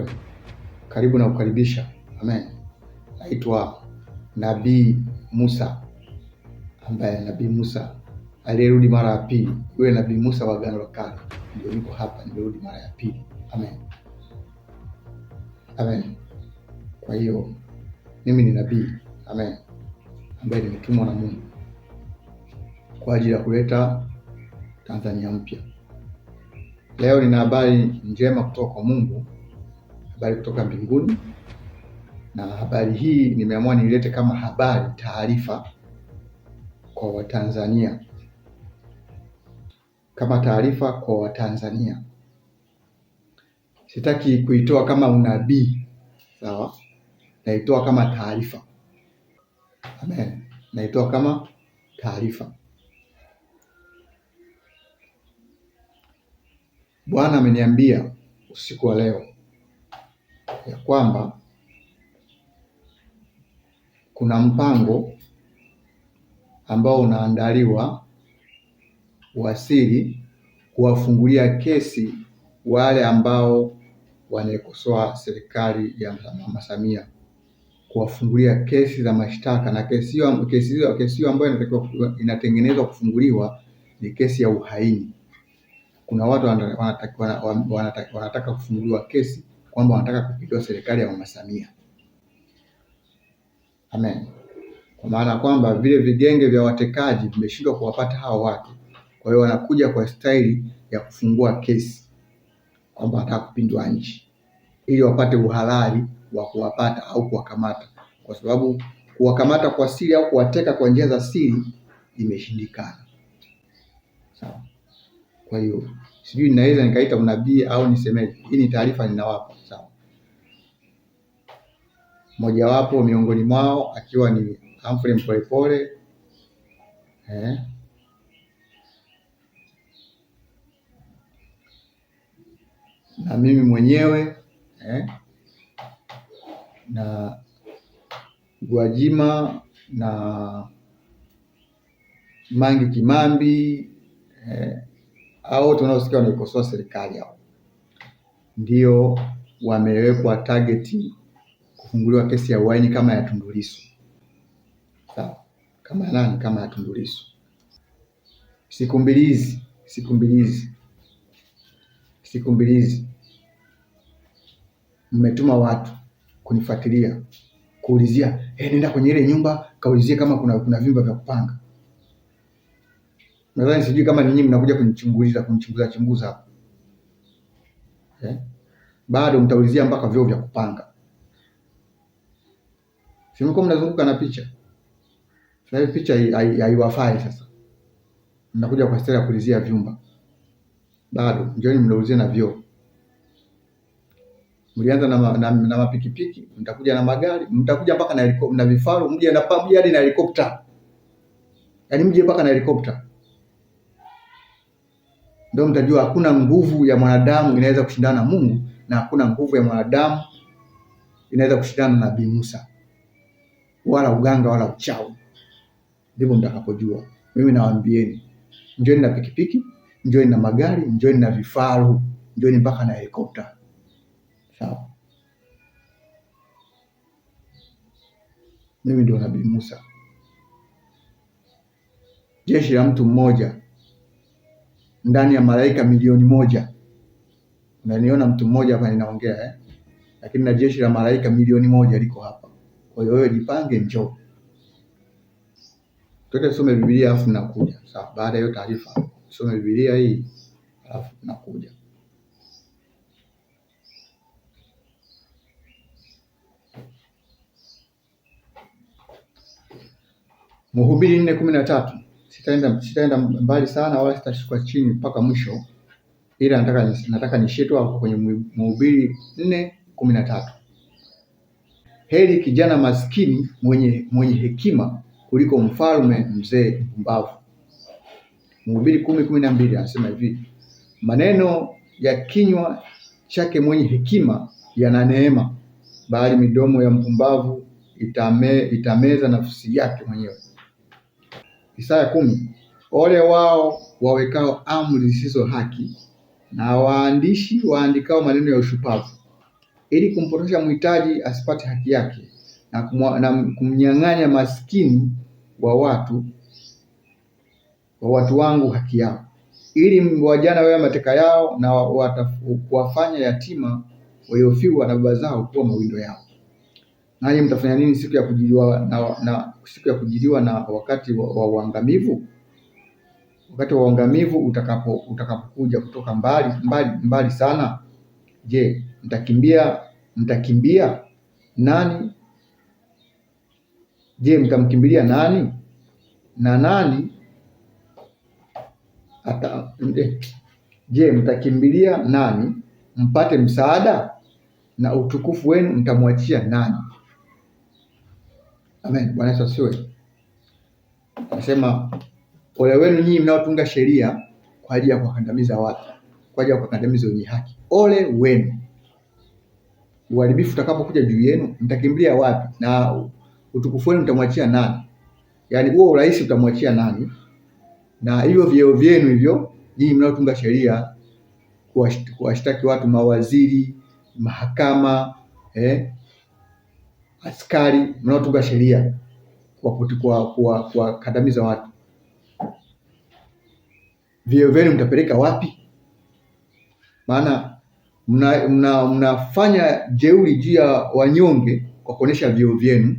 asifiwe. Karibu na kukaribisha. Amen. Naitwa Nabii Musa, ambaye Nabii Musa aliyerudi mara ya pili, yule Nabii Musa wa Agano la Kale, ndio niko hapa, nimerudi mara ya pili. Amen. Amen. Kwa hiyo mimi ni nabii amen, ambaye nimetumwa na Mungu kwa ajili ya kuleta Tanzania mpya. Leo nina habari njema kutoka kwa Mungu habari kutoka mbinguni, na habari hii nimeamua niilete kama habari, taarifa kwa Watanzania, kama taarifa kwa Watanzania. Sitaki kuitoa kama unabii, sawa? Naitoa kama taarifa. Amen, naitoa kama taarifa. Bwana ameniambia usiku wa leo ya kwamba kuna mpango ambao unaandaliwa wasili kuwafungulia kesi wale ambao wanaikosoa serikali ya Mama Samia, kuwafungulia kesi za mashtaka na kesi hiyo kesi hiyo kesi hiyo ambayo inatakiwa inatengenezwa kufunguliwa ni kesi ya uhaini. Kuna watu wanataka, wanataka, wanataka kufunguliwa kesi kwamba wanataka kupindua serikali ya Mama Samia. Amen. Kwa maana kwamba vile vigenge vya watekaji vimeshindwa kuwapata hao watu, kwa hiyo wanakuja kwa staili ya kufungua kesi kwamba wanataka kupindua nchi ili wapate uhalali wa kuwapata au kuwakamata, kwa sababu kuwakamata kwa siri au kuwateka kwa njia za siri imeshindikana. Sawa, kwa hiyo sijui ninaweza nikaita unabii au nisemeje. Hii ni taarifa ninawapa, sawa. Mojawapo miongoni mwao akiwa ni Humphrey Mpolepole eh. na mimi mwenyewe eh. na Gwajima na mangi Kimambi eh au wote wanaosikia wanaikosoa serikali hao ndio wamewekwa target kufunguliwa kesi ya uhaini kama ya Tundu Lissu. Sawa, kama nani? Kama ya Tundu Lissu. Siku mbili hizi, siku mbili hizi, siku mbili hizi mmetuma watu kunifuatilia kuulizia, eh, nenda kwenye ile nyumba kaulizie kama kuna kuna vyumba vya kupanga. Nadhani sijui kama ninyi mnakuja kunichunguliza kunichunguza chunguza hapo eh? Bado mtaulizia mpaka vyoo vya kupanga, si mko mnazunguka na picha sasa Hii Picha haiwafai sasa, mnakuja kwa stara ya kulizia vyumba. Bado njoni mnaulizia na vyoo. Mlianza na, ma, na, na mapikipiki, mtakuja na magari, mtakuja mpaka na, na vifaru, mje na pamoja hadi na helikopta, yaani mje mpaka na helikopta ndio mtajua hakuna nguvu ya mwanadamu inaweza kushindana na Mungu na hakuna nguvu ya mwanadamu inaweza kushindana na Nabii Musa, wala uganga wala uchawi. ndipo mtakapojua. Mimi nawaambieni, njoeni na pikipiki, njoeni na magari, njoeni na vifaru, njoeni mpaka na helikopta. Sawa, mimi ndio Nabii Musa. Jeshi la mtu mmoja ndani ya malaika milioni moja. Unaniona mtu mmoja hapa ninaongea eh? Lakini na jeshi la malaika milioni moja liko hapa. Kwa hiyo wewe jipange, njoo. Tuende tusome Biblia alafu nakuja. Sawa, baada ya hiyo taarifa tusome Biblia hii alafu nakuja. Mhubiri nne kumi na tatu sitaenda sitaenda mbali sana wala sitashuka chini mpaka mwisho, ila nataka nataka nishie tu hapo kwenye Mhubiri nne kumi na tatu heri kijana maskini mwenye mwenye hekima kuliko mfalme mzee mpumbavu. Mhubiri kumi kumi na mbili anasema hivi, maneno ya kinywa chake mwenye hekima yana neema, bali midomo ya mpumbavu itame, itameza nafsi yake mwenyewe. Isaya kumi. Ole wao wawekao amri zisizo haki na waandishi waandikao maneno ya ushupavu ili kumpotosha mhitaji asipate haki yake na, kumwa, na kumnyang'anya maskini wa watu wa watu wangu haki yao ili wajana wewe mateka yao na wata, yatima waliofiwa na baba zao kuwa mawindo yao nanyi mtafanya nini siku ya kujiliwa na, na siku ya kujiliwa na wakati wa uangamivu? Wakati wa uangamivu utakapo utakapokuja kutoka mbali mbali mbali sana, je, mtakimbia mtakimbia nani? Je, mtamkimbilia nani? Na nani ata, je, mtakimbilia nani mpate msaada? Na utukufu wenu mtamwachia nani? Amen. Bwana Yesu asiwe. Anasema ole wenu nyinyi mnaotunga sheria kwa ajili ya kuwakandamiza watu, kwa ajili ya kuwakandamiza wenye haki. Ole wenu. Uharibifu utakapokuja juu yenu, mtakimbilia wapi? Na utukufu wenu mtamwachia nani? Yaani huo urahisi utamwachia nani? Na hivyo vyeo vyenu hivyo, nyinyi mnaotunga sheria kuwashtaki watu, mawaziri, mahakama, eh, askari mnaotunga sheria kuwakandamiza watu, vyeo vyenu mtapeleka wapi? Maana mna, mna, mnafanya jeuri juu ya wanyonge kwa kuonesha vyeo vyenu.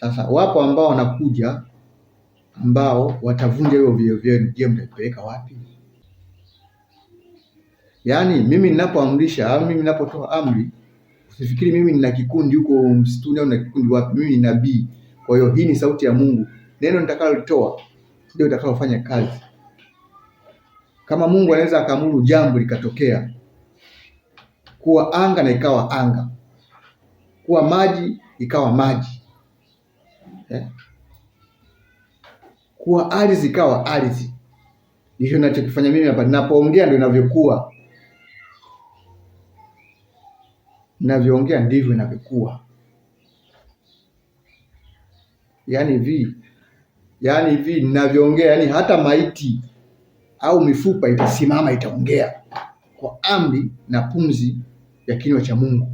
Sasa wapo ambao wanakuja ambao watavunja hiyo vyeo vyenu, je, mtapeleka wapi? Yaani mimi ninapoamrisha au mimi ninapotoa amri Usifikiri mimi nina kikundi huko msituni au na kikundi wapi, mimi ni nabii. Kwa hiyo hii ni sauti ya Mungu, neno nitakalolitoa ndio itakalofanya kazi. Kama Mungu anaweza akaamuru jambo likatokea, kuwa anga na ikawa anga, kuwa maji ikawa maji eh? kuwa ardhi ikawa ardhi, ndicho ninachokifanya mimi hapa. Ninapoongea ndio inavyokuwa. inavyoongea ndivyo inavyokuwa. Yaani vi yaani vi ninavyoongea, yaani hata maiti au mifupa itasimama itaongea kwa amri na pumzi ya kinywa cha Mungu.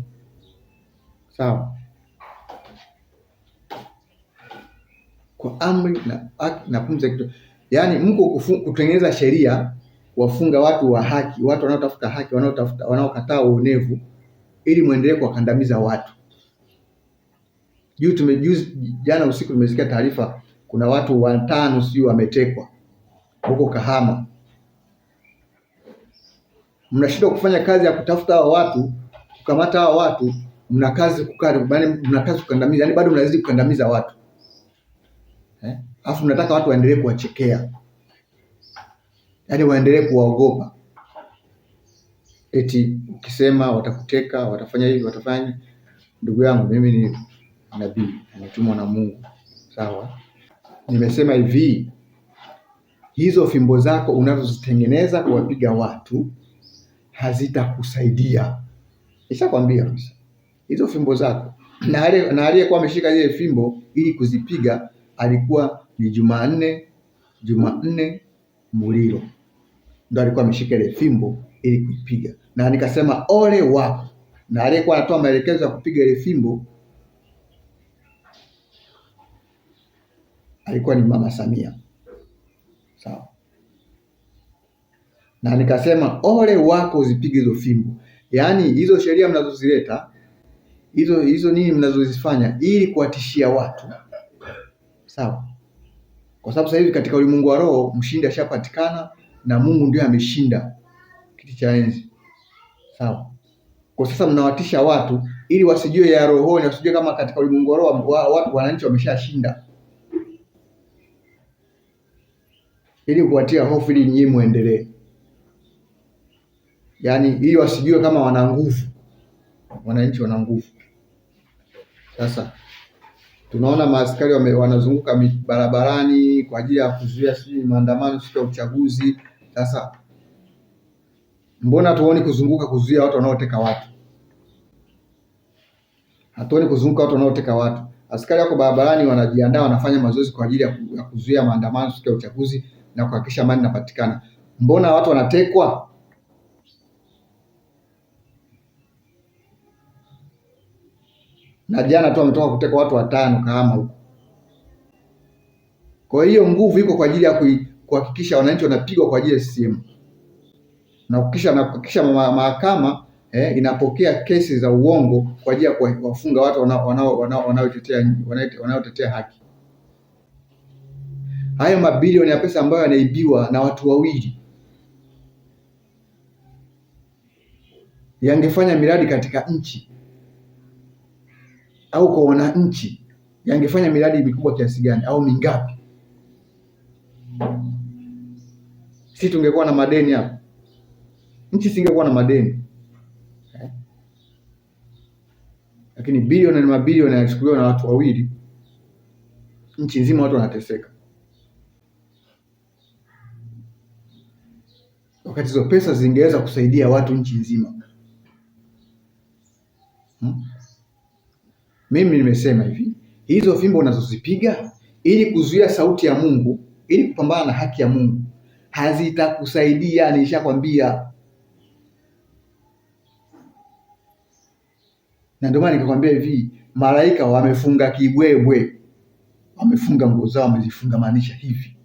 Sawa, kwa amri na, na pumzi ya kinywa. Yaani mko kutengeneza sheria, kuwafunga watu wa haki, watu wanaotafuta haki, wanaotafuta wanaokataa uonevu ili mwendelee kuwakandamiza watu. Juu tumejuzi jana usiku tumesikia taarifa kuna watu watano sijui wametekwa huko Kahama. Mnashindwa kufanya kazi ya kutafuta hawa watu, kukamata hawa watu, mna kazi kukaa, mna kazi kukandamiza, yaani bado mnazidi kukandamiza watu eh? Afu mnataka watu waendelee kuwachekea, yaani waendelee kuwaogopa eti ukisema watakuteka, watafanya hivi, watafanya. Ndugu yangu, mimi ni nabii, nimetumwa na Mungu, sawa? Nimesema hivi, hizo fimbo zako unazozitengeneza kuwapiga watu hazitakusaidia. Nishakwambia hizo fimbo zako na aliyekuwa ameshika ile fimbo ili kuzipiga alikuwa ni Jumanne, Jumanne Muliro ndo alikuwa ameshika ile fimbo ili kuipiga na nikasema ole wako. Na aliyekuwa anatoa maelekezo ya kupiga ile fimbo alikuwa ni mama Samia, sawa. Na nikasema ole wako uzipige hizo fimbo, yaani hizo sheria mnazozileta hizo hizo nini mnazozifanya ili kuwatishia watu, sawa kwa sababu sasa hivi katika ulimwengu wa roho mshindi ashapatikana, na Mungu ndio ameshinda kiti cha enzi sawa. Kwa sasa mnawatisha watu ili wasijue ya rohoni, wasijue kama katika ulimwengu wa roho watu wananchi wameshashinda, ili kuwatia hofu, ili nyinyi muendelee, yaani ili wasijue kama wana nguvu, wananchi wana nguvu. Sasa tunaona maaskari wanazunguka barabarani kwa ajili ya kuzuia sijui maandamano siku ya uchaguzi sasa Mbona hatuoni kuzunguka kuzuia watu wanaoteka watu? Hatuoni kuzunguka watu wanaoteka watu. Askari wako barabarani wanajiandaa, wanafanya mazoezi kwa ajili ya kuzuia maandamano siku ya uchaguzi na kuhakikisha amani inapatikana. Mbona watu wanatekwa? Na jana tu wametoka kuteka watu watano Kahama huko. Kwa hiyo nguvu iko kwa ajili ya kuhakikisha wananchi wanapigwa kwa ajili ya CCM na kisha mahakama eh, inapokea kesi za uongo kwa ajili ya kuwafunga watu wanaotetea haki. Hayo mabilioni ya pesa ambayo yanaibiwa na watu wawili yangefanya miradi katika nchi au kwa wananchi, yangefanya miradi mikubwa kiasi gani au mingapi? Si tungekuwa na madeni hapo? nchi singekuwa na madeni Lakini bilioni na mabilioni yanachukuliwa na watu wawili, nchi nzima watu wanateseka, wakati hizo pesa zingeweza kusaidia watu nchi nzima hmm? Mimi nimesema hivi, hizo fimbo unazozipiga ili kuzuia sauti ya Mungu, ili kupambana na haki ya Mungu hazitakusaidia, nishakwambia. na ndio maana nikakwambia hivi, malaika wamefunga kibwebwe, wamefunga nguo zao, maanisha hivi.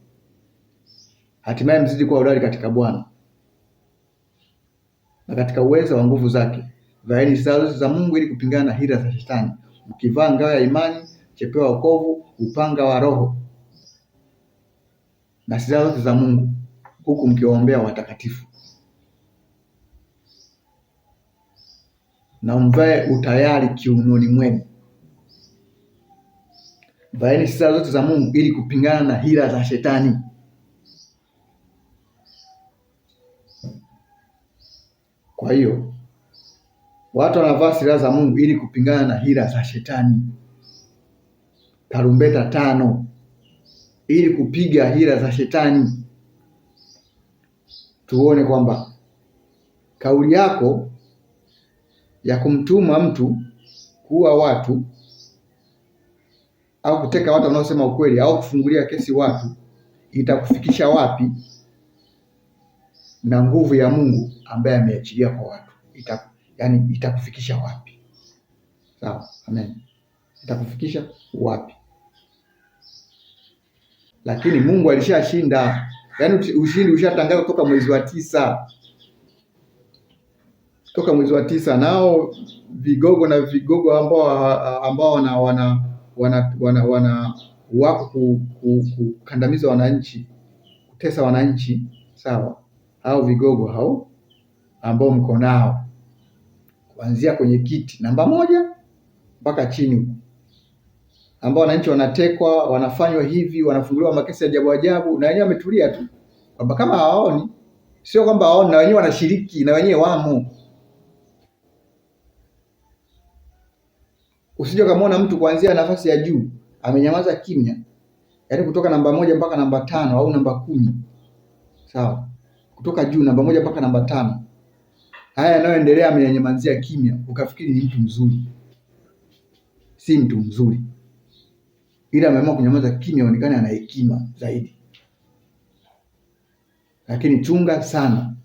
Hatimaye mzidi kuwa hodari katika Bwana na katika uwezo wa nguvu zake, vaeni silaha zote za Mungu ili kupingana na hila za Shetani, mkivaa ngao ya imani, chepeo wa wokovu, upanga wa Roho na silaha zote za Mungu, huku mkiwaombea watakatifu. na mvae utayari kiunoni mwenu. Vaeni silaha zote za Mungu ili kupingana na hila za shetani. Kwa hiyo watu wanavaa silaha za Mungu ili kupingana na hila za shetani. Tarumbeta tano ili kupiga hila za shetani. Tuone kwamba kauli yako ya kumtuma mtu kuua watu au kuteka watu wanaosema ukweli au kufungulia kesi watu itakufikisha wapi na nguvu ya Mungu ambaye ameachilia kwa watu ita, yani itakufikisha wapi? Sawa, amen. Itakufikisha wapi? Lakini Mungu alishashinda, yani ushindi ushatangazwa kutoka mwezi wa tisa toka mwezi wa tisa, nao vigogo na vigogo ambao ambao wana wana wana, wana, wana wako kukandamiza ku, ku, wananchi kutesa wananchi sawa, hao vigogo hao ambao mko nao kuanzia kwenye kiti namba moja mpaka chini, ambao wananchi wanatekwa, wanafanywa hivi, wanafunguliwa makesi ya ajabu ajabu, na wenyewe wametulia tu kwamba kama hawaoni. Sio kwamba hawaoni, na wenyewe wanashiriki, na wenyewe wamo. usije ukamwona mtu kuanzia nafasi ya juu amenyamaza kimya, yaani kutoka namba moja mpaka namba tano au namba kumi sawa, kutoka juu namba moja mpaka namba tano haya yanayoendelea amenyamazia kimya, ukafikiri ni mtu mzuri. Si mtu mzuri, ila ameamua kunyamaza kimya aonekane ana hekima zaidi. Lakini chunga sana,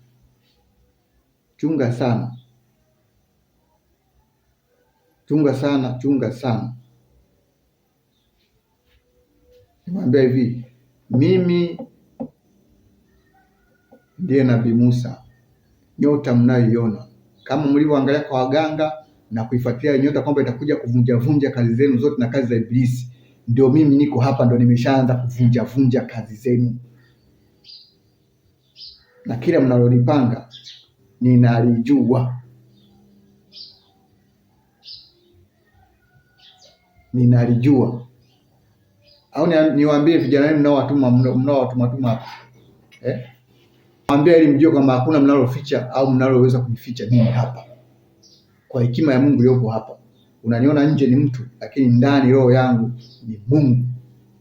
chunga sana chunga sana, chunga sana. Nimwambia hivi, mimi ndiye Nabii Musa, nyota mnayoiona kama mlivyoangalia kwa waganga na kuifuatilia nyota kwamba itakuja kuvunja vunja kazi zenu zote na kazi za Ibilisi, ndio mimi niko hapa, ndo nimeshaanza kuvunja vunja kazi zenu na kila mnalolipanga ninalijua. ninalijua au niwaambie vijana wenu watuma mnao watuma tuma hapa eh? Mwambie ili mjue kwamba hakuna mnaloficha au mnaloweza kujificha nini hapa, kwa hekima ya Mungu yupo hapa. Unaniona nje ni mtu, lakini ndani roho yangu ni Mungu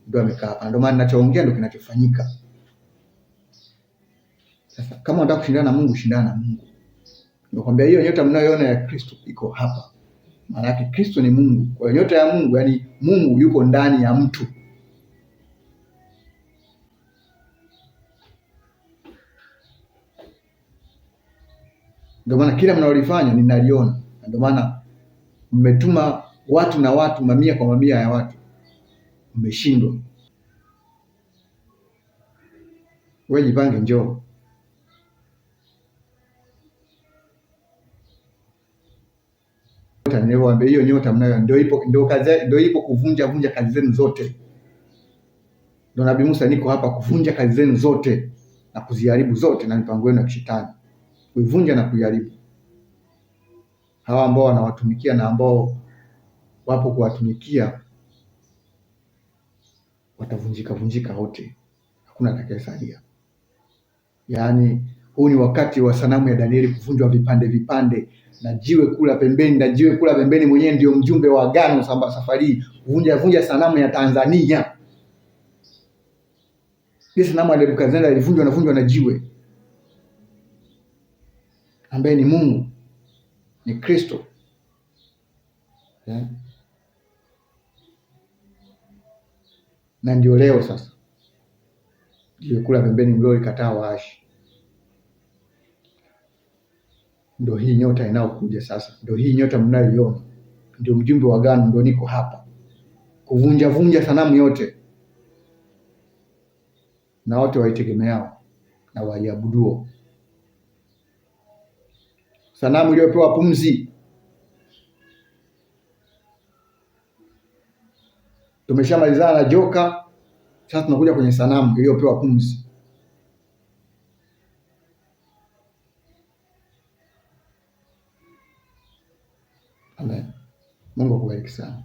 ndio amekaa hapa. Ndio maana ninachoongea ndio kinachofanyika. Sasa kama unataka kushindana na Mungu, shindana na Mungu. Nimekwambia hiyo nyota mnayoona ya Kristo iko hapa yake Kristo ni Mungu, kwa hiyo nyota ya Mungu, yaani Mungu yuko ndani ya mtu. Ndio maana kila mnalolifanya ninaliona, ndio maana mmetuma watu na watu, mamia kwa mamia ya watu, mmeshindwa. Wewe jipange, njoo. nyota, nilivyowaambia hiyo nyota mnayo ndio ipo, ndio kazi, ndio ipo kuvunja vunja kazi zenu zote. Ndio Nabii Musa, niko hapa kuvunja kazi zenu zote na kuziharibu zote na mipango yenu ya kishetani, kuivunja na kuiharibu. Hawa ambao wanawatumikia na ambao wapo kuwatumikia watavunjika vunjika wote, hakuna atakayesalia. Yaani huu ni wakati wa sanamu ya Danieli kuvunjwa vipande vipande na jiwe kula pembeni na jiwe kula pembeni mwenyewe ndio mjumbe wa agano safari hii kuvunja vunja sanamu ya Tanzania. Ile sanamu ya Nebukadnezar ilivunjwa navunjwa na jiwe, ambaye ni Mungu ni Kristo yeah. Na ndio leo sasa jiwe kula pembeni mlolikataa waashi ndo hii nyota inayokuja sasa, ndo hii nyota mnayoiona, ndio mjumbe wa agano, ndo niko hapa kuvunja vunja sanamu yote na wote waitegemeao na waiabuduo. Sanamu iliyopewa pumzi. Tumeshamalizana na joka, sasa tunakuja kwenye sanamu iliyopewa pumzi. Mungu akubariki sana.